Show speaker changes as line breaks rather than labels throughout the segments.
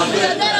Yeah.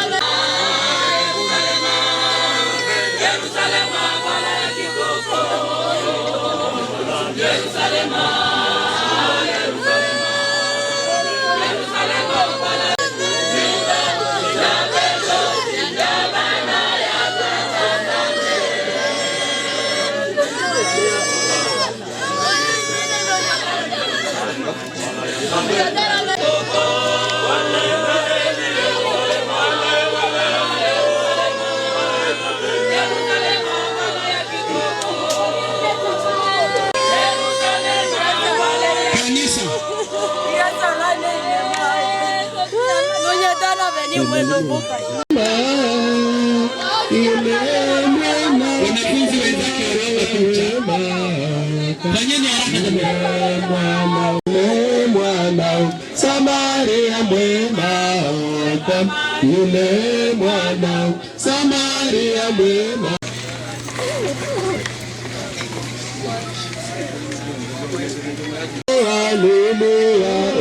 Samaria mwema yule mwana Samaria mwema Hallelujah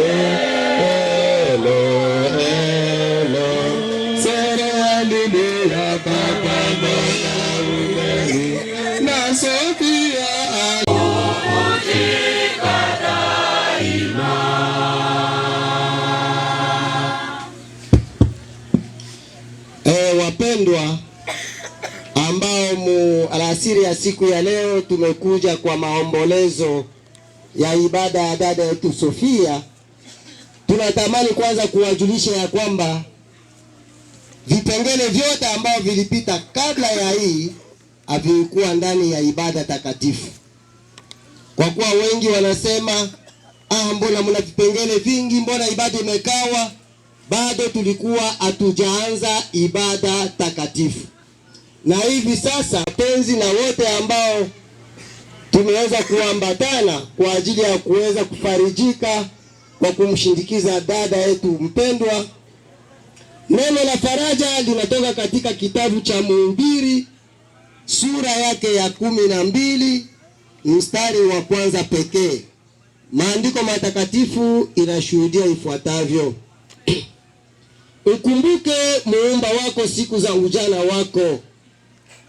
mu alasiri ya siku ya leo tumekuja kwa maombolezo ya ibada ya dada yetu Sofia. Tunatamani kwanza kuwajulisha ya kwamba vipengele vyote ambavyo vilipita kabla ya hii havikuwa ndani ya ibada takatifu, kwa kuwa wengi wanasema ah, mbona mna vipengele vingi, mbona ibada imekawa? Bado tulikuwa hatujaanza ibada takatifu na hivi sasa penzi na wote ambao tumeweza kuambatana kwa ajili ya kuweza kufarijika kwa kumshindikiza dada yetu mpendwa. Neno la faraja linatoka katika kitabu cha Mhubiri sura yake ya kumi na mbili mstari wa kwanza pekee. Maandiko matakatifu inashuhudia ifuatavyo: ukumbuke muumba wako siku za ujana wako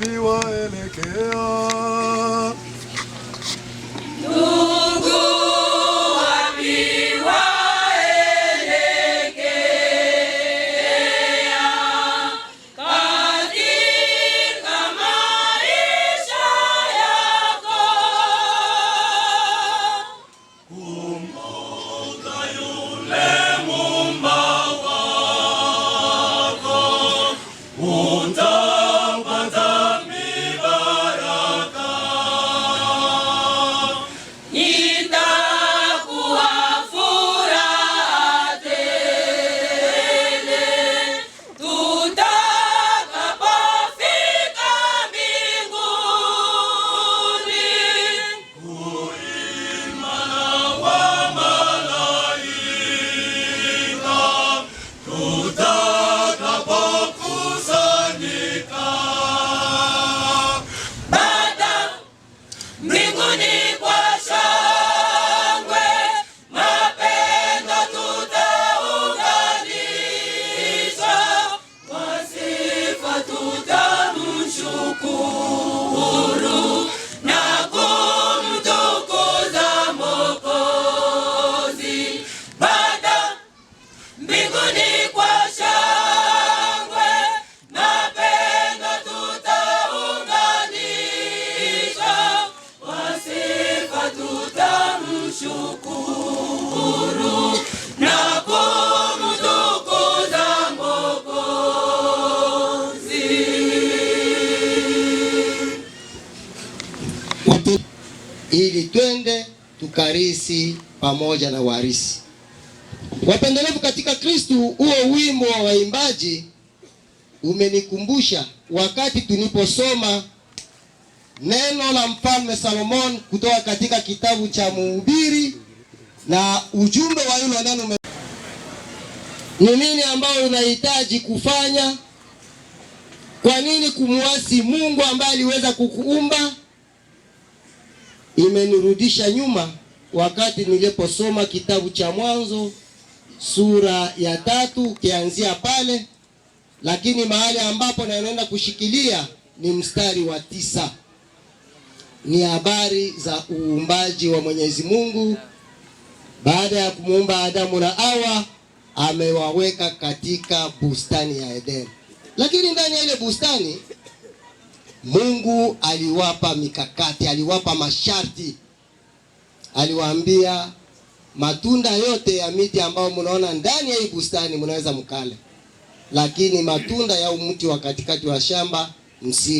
wapi tukarisi pamoja na warisi. Wapendelevu katika kristu huo wimbo wa waimbaji umenikumbusha wakati tuliposoma neno la mfalme Salomon kutoka katika kitabu cha Mhubiri, na ujumbe wa hilo neno ni nini ambayo unahitaji kufanya. Kwa nini kumuasi Mungu ambaye aliweza kukuumba? Umenirudisha nyuma wakati niliposoma kitabu cha Mwanzo sura ya tatu ukianzia pale, lakini mahali ambapo naenda kushikilia ni mstari wa tisa. Ni habari za uumbaji wa Mwenyezi Mungu. Baada ya kumuumba Adamu na Hawa, amewaweka katika bustani ya Edeni, lakini ndani ya ile bustani Mungu aliwapa mikakati, aliwapa masharti, aliwaambia matunda yote ya miti ambayo mnaona ndani ya hii bustani mnaweza mkale, lakini matunda ya mti wa katikati wa shamba msi